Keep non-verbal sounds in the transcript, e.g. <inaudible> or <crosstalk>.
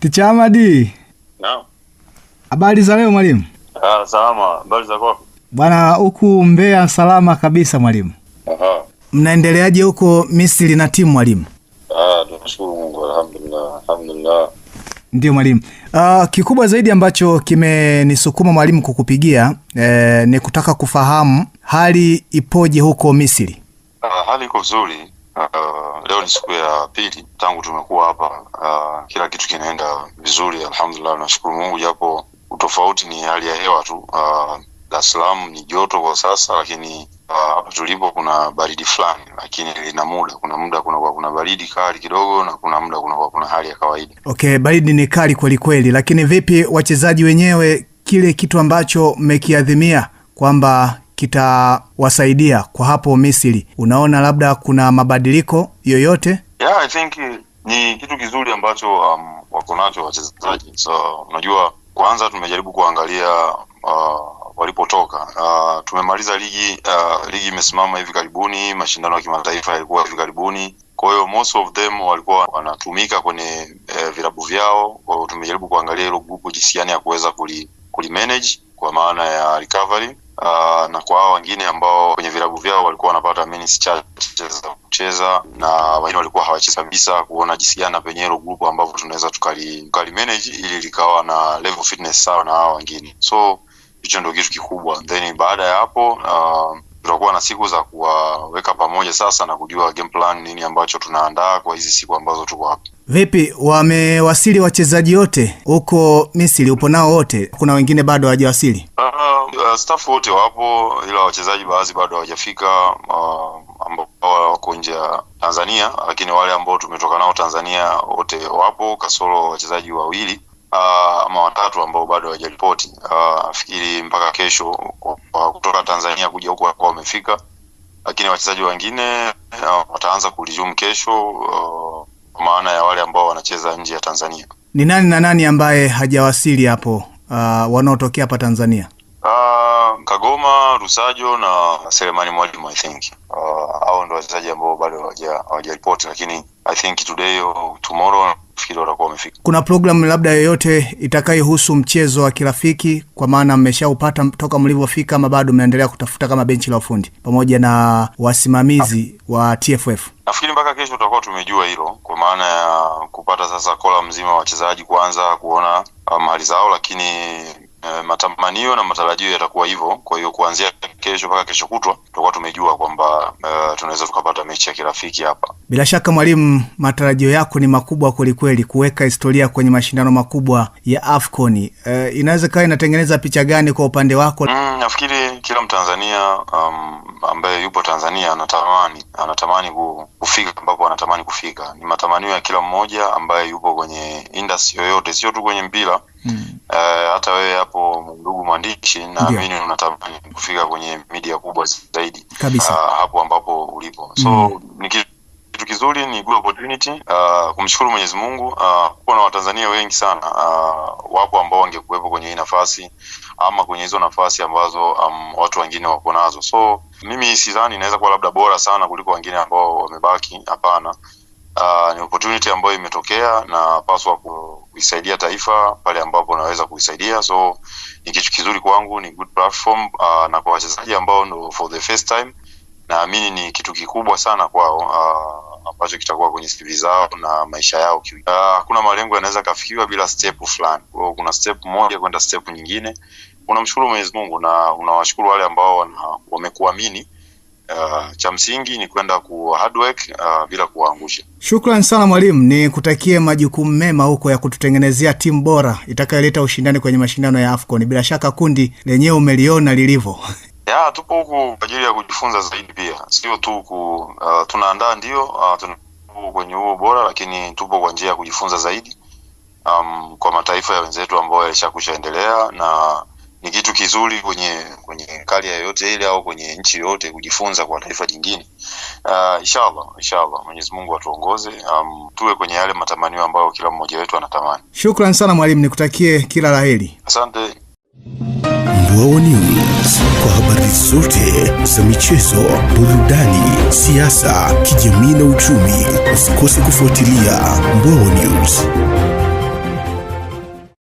Ticha Ahmadi. Naam. Habari za leo mwalimu? Ah, salama. Habari za kwako? Bwana, huku Mbeya salama kabisa mwalimu. Aha. Mnaendeleaje huko Misri na timu mwalimu? Ah, tunashukuru Mungu alhamdulillah. Alhamdulillah. Ndiyo mwalimu. Uh, kikubwa zaidi ambacho kimenisukuma mwalimu kukupigia eh, ni kutaka kufahamu hali ipoje huko Misri? Ah, hali iko vizuri. Uh, leo ni siku ya pili tangu tumekuwa hapa. Uh, kila kitu kinaenda vizuri alhamdulillah, nashukuru Mungu, japo utofauti ni hali ya hewa tu. Uh, Dar es Salaam ni joto kwa sasa, lakini uh, hapa uh, tulipo kuna baridi fulani, lakini lina muda, kuna muda kunakuwa kuna baridi kali kidogo, na kuna muda kunakuwa kuna hali ya kawaida. Okay, baridi ni kali kwelikweli kweli, lakini vipi wachezaji wenyewe, kile kitu ambacho mmekiadhimia kwamba kitawasaidia kwa hapo Misri? Unaona labda kuna mabadiliko yoyote? Yeah, I think eh, ni kitu kizuri ambacho um, wako nacho wachezaji. So unajua, kwanza tumejaribu kuangalia uh, walipotoka uh, tumemaliza ligi uh, ligi imesimama hivi karibuni, mashindano ya kimataifa yalikuwa hivi karibuni. Kwa hiyo most of them walikuwa wanatumika kwenye eh, vilabu vyao. Kwa hiyo tumejaribu kuangalia hilo grupu jinsi gani ya kuweza kuli, kuli manage kwa maana ya recovery uh, na kwa hao wengine ambao kwenye vilabu vyao walikuwa wanapata chache za kucheza na wengine walikuwa hawachezi kabisa, kuona jinsi gani na hilo grupu ambavyo tunaweza tukali, tukali manage ili likawa na level fitness sawa na hao wengine, so hicho ndio kitu kikubwa. Then baada ya hapo uh, tutakuwa na siku za kuwaweka pamoja sasa na kujua game plan, nini ambacho tunaandaa kwa hizi siku ambazo tuko hapa. Vipi, wamewasili wachezaji wote huko Misri? Upo nao wote? Kuna wengine bado hawajawasili? uh uh, staff wote wapo, ila wachezaji baadhi bado hawajafika uh, ambao wako nje ya Tanzania, lakini wale ambao tumetoka nao Tanzania wote wapo kasoro wachezaji wawili uh, ama watatu ambao bado hawajaripoti. Uh, nafikiri uh, mpaka kesho kwa kutoka Tanzania kuja huku watakuwa wamefika, lakini wachezaji wengine uh, wataanza kuresume kesho uh, kwa maana ya wale ambao wanacheza nje ya Tanzania. Ni nani na nani ambaye hajawasili hapo, uh, wanaotokea hapa Tanzania? Kagoma, Rusajo na Selemani Mwalimu I think uh, hao uh, ndo wachezaji ambao bado hawajaripoti, lakini I think today or tomorrow nafikiri watakuwa wamefika. Kuna programu labda yoyote itakayohusu mchezo wa kirafiki, kwa maana mmeshaupata toka mlivyofika ama bado mnaendelea kutafuta kama benchi la ufundi pamoja na wasimamizi wa TFF? Nafikiri mpaka kesho tutakuwa tumejua hilo, kwa maana ya kupata sasa kola mzima wa wachezaji, kuanza kuona uh, mahali zao, lakini E, matamanio na matarajio yatakuwa hivyo. Kwa hiyo kuanzia kesho mpaka kesho kutwa tutakuwa tumejua kwamba e, tunaweza tukapata mechi ya kirafiki hapa. Bila shaka mwalimu, matarajio yako ni makubwa kwelikweli, kuweka historia kwenye mashindano makubwa ya AFCON. E, inaweza kawa inatengeneza picha gani kwa upande wako? Mm, nafikiri kila Mtanzania um, ambaye yupo Tanzania anatamani anatamani kufika ambapo anatamani kufika. Ni matamanio ya kila mmoja ambaye yupo kwenye industry yoyote, sio tu kwenye mpira mm. E, hata wewe hapo ndugu mwandishi, naamini unatamani kufika kwenye midia kubwa zaidi kabisa, ah, hapo ambapo ulipo so mm kizuri ni good opportunity. Uh, kumshukuru Mwenyezi Mungu uh, kuwa na Watanzania wengi sana uh, wapo ambao wangekuwepo kwenye hii nafasi ama kwenye hizo nafasi ambazo um, watu wengine wako nazo, so mimi sidhani inaweza kuwa labda bora sana kuliko wengine ambao wamebaki. Hapana, uh, ni opportunity ambayo imetokea na paswa ku kuisaidia taifa pale ambapo naweza kuisaidia, so ni kitu kizuri kwangu, ni good platform uh, na kwa wachezaji ambao ndo for the first time naamini ni kitu kikubwa sana kwao uh, ambacho kitakuwa kwenye CV zao na maisha yao. Ah, hakuna malengo yanaweza kafikiwa bila step fulani. Kwa hiyo kuna step moja kwenda step nyingine. Unamshukuru Mwenyezi Mungu na unawashukuru wale ambao wamekuamini. Uh, cha msingi ni kwenda ku hard work uh, bila kuwaangusha. Shukrani sana mwalimu, ni kutakie majukumu mema huko ya kututengenezea timu bora itakayoleta ushindani kwenye mashindano ya AFCON. Bila shaka kundi lenyewe umeliona lilivyo. <laughs> Ya, tupo huku kwa ajili ya kujifunza zaidi pia, sio tu ku, uh, tunaandaa ndio, uh, tuna kwenye huo bora, lakini tupo kwa njia ya kujifunza zaidi um, kwa mataifa ya wenzetu ambayo yalishakushaendelea na ni kitu kizuri kwenye kwenye karia yoyote ile au kwenye nchi yoyote kujifunza kwa taifa jingine. Uh, inshallah inshallah, Mwenyezi Mungu atuongoze, um, tuwe kwenye yale matamanio ambayo kila mmoja wetu anatamani. Shukran sana mwalimu, nikutakie kila la Asante. Mwao News kwa habari zote za michezo, burudani, siasa, kijamii na uchumi. Usikose kufuatilia Mwao News.